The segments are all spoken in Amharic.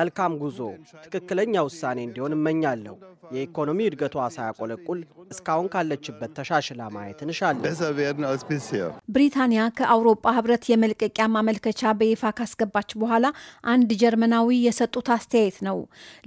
መልካም ጉዞ፣ ትክክለኛ ውሳኔ እንዲሆን እመኛለሁ። የኢኮኖሚ እድገቷ ሳያቆለቁል እስካሁን ካለችበት ተሻሽላ ማየት እንሻለን። ብሪታንያ ከአውሮፓ ህብረት የመልቀቂያ ማመልከቻ በይፋ ካስገባች በኋላ አንድ ጀርመናዊ የሰጡት አስተያየት ነው።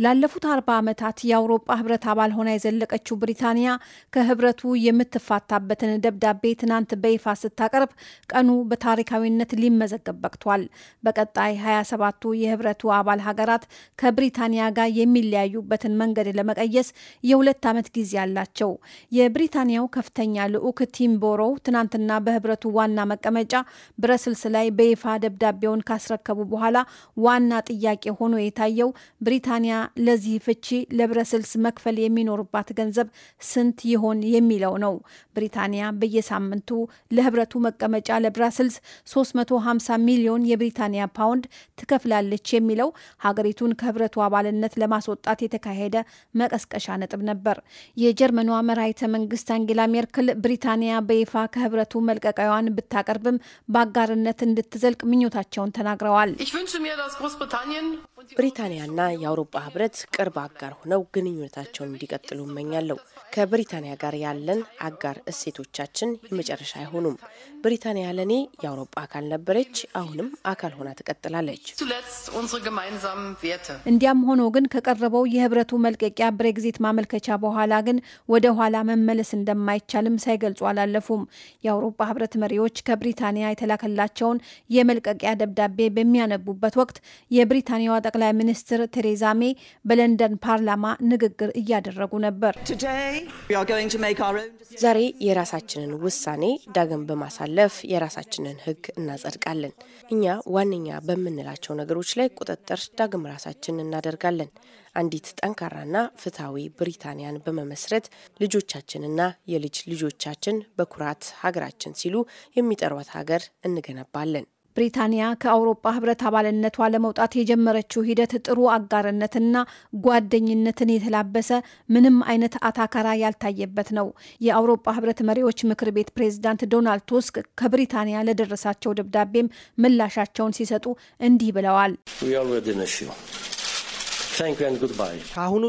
ላለፉት አርባ ዓመታት የአውሮፓ ህብረት አባል ሆና የዘለቀችው ብሪታንያ ከህብረቱ የምትፋታበትን ደብዳቤ ትናንት በይፋ ስታቀርብ ቀኑ በታሪካዊነት ሊመዘገብ በቅቷል። በቀጣይ 27ቱ የህብረቱ አባል ሀገራት ከብሪታንያ ጋር የሚለያዩበትን መንገድ ለመቀየስ የሁለት ዓመት ጊዜ አላቸው። የብሪታንያው ከፍተኛ ልዑክ ቲም ቦሮ ትናንትና በህብረቱ ዋና መቀመጫ ብረስልስ ላይ በይፋ ደብዳቤውን ካስረከቡ በኋላ ዋና ጥያቄ ሆኖ የታየው ብሪታንያ ለዚህ ፍቺ ለብረስልስ መክፈል የሚኖርባት ገንዘብ ስንት ይሆን የሚለው ነው። ብሪታንያ በየሳምንቱ ለህብረቱ መቀመጫ ለብራስልስ 350 ሚሊዮን የብሪታንያ ፓውንድ ትከፍላለች የሚለው ሀገሪቱን ከህብረቱ አባልነት ለማስወጣት የተካሄደ መቀስቀሻ ነጥብ ነበር። የጀርመኗ መራሂተ መንግስት አንጌላ ሜርክል ብሪታንያ በይፋ ከህብረቱ መልቀቃዋን ብታቀርብም በአጋርነት እንድትዘልቅ ምኞታቸውን ተናግረዋል። ብሪታንያና የአውሮፓ ህብረት ቅርብ አጋር ሆነው ግንኙነታቸውን እንዲቀጥሉ እመኛለሁ። ከብሪታንያ ጋር ያለን አጋር እሴቶቻችን የመጨረሻ አይሆኑም። ብሪታንያ ለእኔ የአውሮፓ አካል ነበረች፣ አሁንም አካል ሆና ትቀጥላለች። እንዲያም ሆኖ ግን ከቀረበው የህብረቱ መልቀቂያ ብሬግዚት ማመልከቻ በኋላ ግን ወደ ኋላ መመለስ እንደማይቻልም ሳይገልጹ አላለፉም። የአውሮፓ ህብረት መሪዎች ከብሪታንያ የተላከላቸውን የመልቀቂያ ደብዳቤ በሚያነቡበት ወቅት የብሪታንያዋ ጠቅላይ ሚኒስትር ቴሬዛ ሜ በለንደን ፓርላማ ንግግር እያደረጉ ነበር። ዛሬ የራሳችንን ውሳኔ ዳግም በማሳለፍ የራሳችንን ሕግ እናጸድቃለን። እኛ ዋነኛ በምንላቸው ነገሮች ላይ ቁጥጥር ዳግም ራሳችን እናደርጋለን። አንዲት ጠንካራና ፍትሐዊ ብሪታንያን በመመስረት ልጆቻችንና የልጅ ልጆቻችን በኩራት ሀገራችን ሲሉ የሚጠሯት ሀገር እንገነባለን። ብሪታንያ ከአውሮፓ ህብረት አባልነቷ ለመውጣት የጀመረችው ሂደት ጥሩ አጋርነትና ጓደኝነትን የተላበሰ ምንም አይነት አታከራ ያልታየበት ነው። የአውሮፓ ህብረት መሪዎች ምክር ቤት ፕሬዝዳንት ዶናልድ ቱስክ ከብሪታንያ ለደረሳቸው ደብዳቤም ምላሻቸውን ሲሰጡ እንዲህ ብለዋል። ከአሁኑ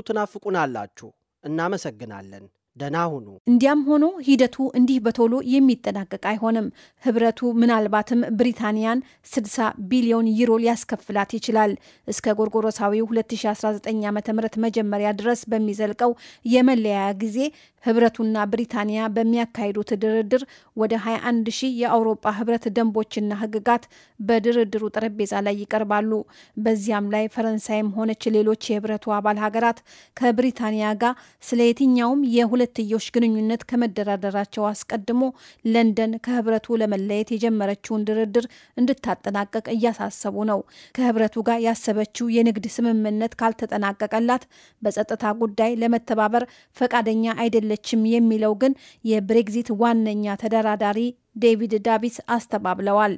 አላችሁ፣ እናመሰግናለን። ደህና ሁኑ። እንዲያም ሆኖ ሂደቱ እንዲህ በቶሎ የሚጠናቀቅ አይሆንም። ህብረቱ ምናልባትም ብሪታንያን 60 ቢሊዮን ዩሮ ሊያስከፍላት ይችላል። እስከ ጎርጎሮሳዊው 2019 ዓ ም መጀመሪያ ድረስ በሚዘልቀው የመለያያ ጊዜ ህብረቱና ብሪታንያ በሚያካሂዱት ድርድር ወደ 21 ሺህ የአውሮጳ ህብረት ደንቦችና ህግጋት በድርድሩ ጠረጴዛ ላይ ይቀርባሉ። በዚያም ላይ ፈረንሳይም ሆነች ሌሎች የህብረቱ አባል ሀገራት ከብሪታንያ ጋር ስለ የትኛውም የሁለትዮሽ ግንኙነት ከመደራደራቸው አስቀድሞ ለንደን ከህብረቱ ለመለየት የጀመረችውን ድርድር እንድታጠናቀቅ እያሳሰቡ ነው። ከህብረቱ ጋር ያሰበችው የንግድ ስምምነት ካልተጠናቀቀላት በጸጥታ ጉዳይ ለመተባበር ፈቃደኛ አይደለም አይደለችም የሚለው ግን የብሬግዚት ዋነኛ ተደራዳሪ ዴቪድ ዳቪስ አስተባብለዋል።